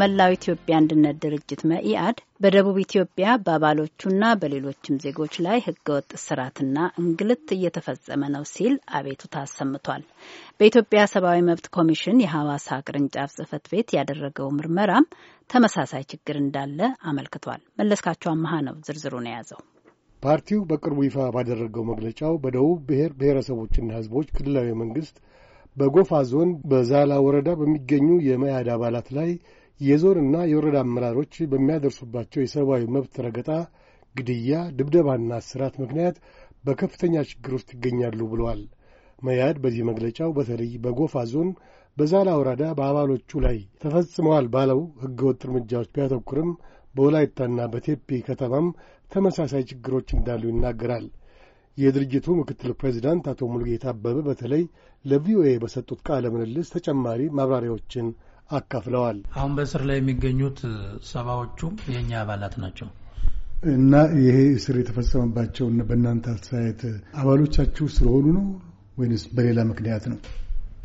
የመላው ኢትዮጵያ አንድነት ድርጅት መኢአድ በደቡብ ኢትዮጵያ በአባሎቹና በሌሎችም ዜጎች ላይ ህገወጥ እስራትና እንግልት እየተፈጸመ ነው ሲል አቤቱታ አሰምቷል። በኢትዮጵያ ሰብአዊ መብት ኮሚሽን የሐዋሳ ቅርንጫፍ ጽህፈት ቤት ያደረገው ምርመራም ተመሳሳይ ችግር እንዳለ አመልክቷል። መለስካቸው አመሃ ነው ዝርዝሩን የያዘው። ፓርቲው በቅርቡ ይፋ ባደረገው መግለጫው በደቡብ ብሔር ብሔረሰቦችና ህዝቦች ክልላዊ መንግስት በጎፋ ዞን በዛላ ወረዳ በሚገኙ የመያድ አባላት ላይ የዞንና የወረዳ አመራሮች በሚያደርሱባቸው የሰብአዊ መብት ረገጣ፣ ግድያ፣ ድብደባና እስራት ምክንያት በከፍተኛ ችግር ውስጥ ይገኛሉ ብለዋል። መያድ በዚህ መግለጫው በተለይ በጎፋ ዞን በዛላ ወረዳ በአባሎቹ ላይ ተፈጽመዋል ባለው ሕገወጥ እርምጃዎች ቢያተኩርም በወላይታና በቴፒ ከተማም ተመሳሳይ ችግሮች እንዳሉ ይናገራል። የድርጅቱ ምክትል ፕሬዚዳንት አቶ ሙሉጌታ አበበ በተለይ ለቪኦኤ በሰጡት ቃለ ምልልስ ተጨማሪ ማብራሪያዎችን አካፍለዋል። አሁን በእስር ላይ የሚገኙት ሰባዎቹ የእኛ አባላት ናቸው እና ይሄ እስር የተፈጸመባቸው በእናንተ አስተያየት አባሎቻችሁ ስለሆኑ ነው ወይንስ በሌላ ምክንያት ነው?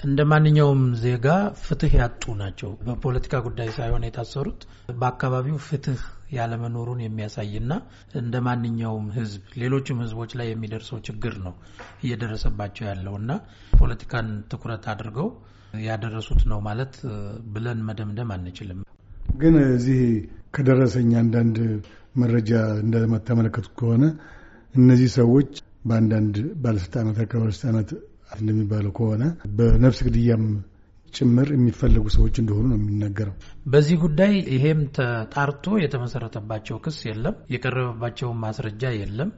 እንደ ማንኛውም ዜጋ ፍትህ ያጡ ናቸው። በፖለቲካ ጉዳይ ሳይሆን የታሰሩት በአካባቢው ፍትህ ያለመኖሩን የሚያሳይና እንደ ማንኛውም ህዝብ ሌሎችም ህዝቦች ላይ የሚደርሰው ችግር ነው እየደረሰባቸው ያለው እና ፖለቲካን ትኩረት አድርገው ያደረሱት ነው ማለት ብለን መደምደም አንችልም። ግን እዚህ ከደረሰኝ አንዳንድ መረጃ እንደተመለከቱ ከሆነ እነዚህ ሰዎች በአንዳንድ ባለስልጣናት ከበስልጣናት እንደሚባለው ከሆነ በነፍስ ግድያም ጭምር የሚፈለጉ ሰዎች እንደሆኑ ነው የሚነገረው። በዚህ ጉዳይ ይሄም ተጣርቶ የተመሰረተባቸው ክስ የለም፣ የቀረበባቸው ማስረጃ የለም።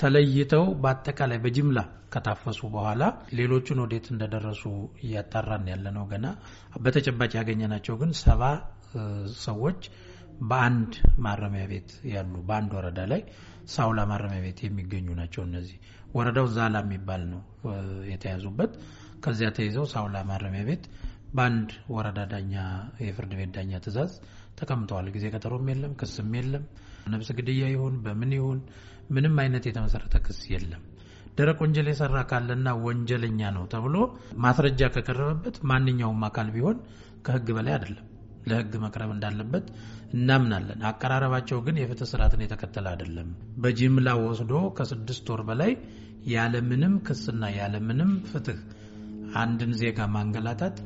ተለይተው በአጠቃላይ በጅምላ ከታፈሱ በኋላ ሌሎቹን ወዴት እንደደረሱ እያጣራን ያለ ነው። ገና በተጨባጭ ያገኘናቸው ግን ሰባ ሰዎች በአንድ ማረሚያ ቤት ያሉ በአንድ ወረዳ ላይ ሳውላ ማረሚያ ቤት የሚገኙ ናቸው። እነዚህ ወረዳው ዛላ የሚባል ነው የተያዙበት። ከዚያ ተይዘው ሳውላ ማረሚያ ቤት በአንድ ወረዳ ዳኛ የፍርድ ቤት ዳኛ ትዕዛዝ ተቀምጠዋል። ጊዜ ቀጠሮም የለም፣ ክስም የለም። ነብስ ግድያ ይሁን በምን ይሁን ምንም አይነት የተመሰረተ ክስ የለም። ደረቅ ወንጀል የሰራ ካለና ወንጀለኛ ነው ተብሎ ማስረጃ ከቀረበበት ማንኛውም አካል ቢሆን ከህግ በላይ አይደለም። ለህግ መቅረብ እንዳለበት እናምናለን። አቀራረባቸው ግን የፍትህ ስርዓትን የተከተለ አይደለም። በጅምላ ወስዶ ከስድስት ወር በላይ ያለምንም ክስና ያለምንም ፍትህ አንድን ዜጋ ማንገላታት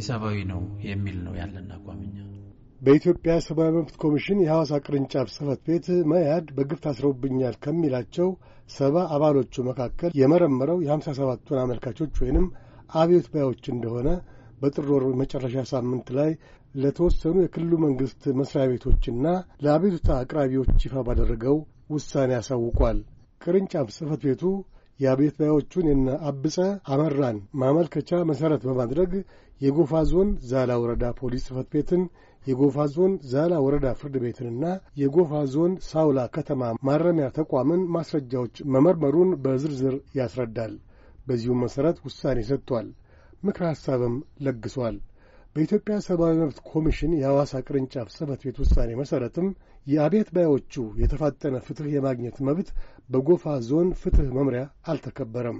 ኢሰብአዊ ነው የሚል ነው ያለን አቋምኛ። በኢትዮጵያ ሰብአዊ መብት ኮሚሽን የሐዋሳ ቅርንጫፍ ጽህፈት ቤት መያድ በግፍ ታስረውብኛል ከሚላቸው ሰባ አባሎቹ መካከል የመረመረው የሃምሳ ሰባቱን አመልካቾች ወይንም አብዮት ባዮች እንደሆነ በጥር ወር መጨረሻ ሳምንት ላይ ለተወሰኑ የክልሉ መንግሥት መሥሪያ ቤቶችና ለአቤቱታ አቅራቢዎች ይፋ ባደረገው ውሳኔ አሳውቋል። ቅርንጫፍ ጽሕፈት ቤቱ ባዮቹን የነ አብፀ አመራን ማመልከቻ መሠረት በማድረግ የጎፋ ዞን ዛላ ወረዳ ፖሊስ ጽሕፈት ቤትን የጎፋ ዞን ዛላ ወረዳ ፍርድ ቤትንና የጎፋ ዞን ሳውላ ከተማ ማረሚያ ተቋምን ማስረጃዎች መመርመሩን በዝርዝር ያስረዳል። በዚሁም መሠረት ውሳኔ ሰጥቷል። ምክረ ሐሳብም ለግሷል። በኢትዮጵያ ሰብአዊ መብት ኮሚሽን የሐዋሳ ቅርንጫፍ ጽፈት ቤት ውሳኔ መሠረትም የአቤት ባዮቹ የተፋጠነ ፍትሕ የማግኘት መብት በጎፋ ዞን ፍትሕ መምሪያ አልተከበረም።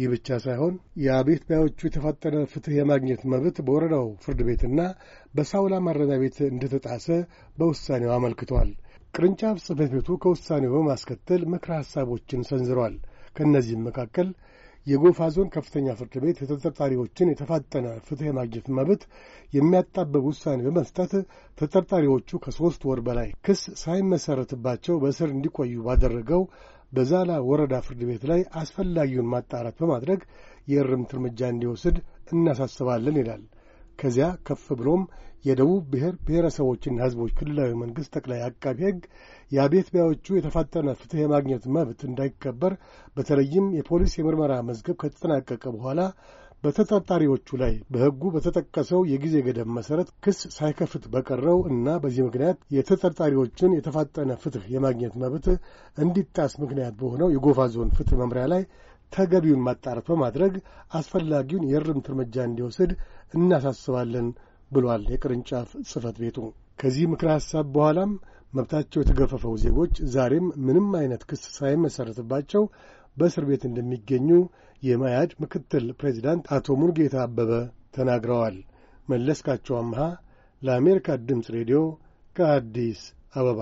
ይህ ብቻ ሳይሆን የአቤት ባዮቹ የተፋጠነ ፍትሕ የማግኘት መብት በወረዳው ፍርድ ቤትና በሳውላ ማረሚያ ቤት እንደተጣሰ በውሳኔው አመልክቷል። ቅርንጫፍ ጽፈት ቤቱ ከውሳኔው በማስከተል ምክረ ሐሳቦችን ሰንዝሯል። ከእነዚህም መካከል የጎፋ ዞን ከፍተኛ ፍርድ ቤት የተጠርጣሪዎችን የተፋጠነ ፍትሕ የማግኘት መብት የሚያጣበብ ውሳኔ በመስጠት ተጠርጣሪዎቹ ከሦስት ወር በላይ ክስ ሳይመሠረትባቸው በእስር እንዲቆዩ ባደረገው በዛላ ወረዳ ፍርድ ቤት ላይ አስፈላጊውን ማጣራት በማድረግ የእርምት እርምጃ እንዲወስድ እናሳስባለን ይላል ከዚያ ከፍ ብሎም የደቡብ ብሔር ብሔረሰቦችና ሕዝቦች ክልላዊ መንግሥት ጠቅላይ አቃቢ ሕግ የአቤት ባዮቹ የተፋጠነ ፍትሕ የማግኘት መብት እንዳይከበር በተለይም የፖሊስ የምርመራ መዝገብ ከተጠናቀቀ በኋላ በተጠርጣሪዎቹ ላይ በሕጉ በተጠቀሰው የጊዜ ገደብ መሠረት ክስ ሳይከፍት በቀረው እና በዚህ ምክንያት የተጠርጣሪዎችን የተፋጠነ ፍትሕ የማግኘት መብት እንዲጣስ ምክንያት በሆነው የጎፋ ዞን ፍትሕ መምሪያ ላይ ተገቢውን ማጣራት በማድረግ አስፈላጊውን የእርምት እርምጃ እንዲወስድ እናሳስባለን ብሏል የቅርንጫፍ ጽህፈት ቤቱ። ከዚህ ምክረ ሐሳብ በኋላም መብታቸው የተገፈፈው ዜጎች ዛሬም ምንም አይነት ክስ ሳይመሠረትባቸው በእስር ቤት እንደሚገኙ የማያድ ምክትል ፕሬዚዳንት አቶ ሙሉጌታ አበበ ተናግረዋል። መለስካቸው አምሃ ለአሜሪካ ድምፅ ሬዲዮ ከአዲስ አበባ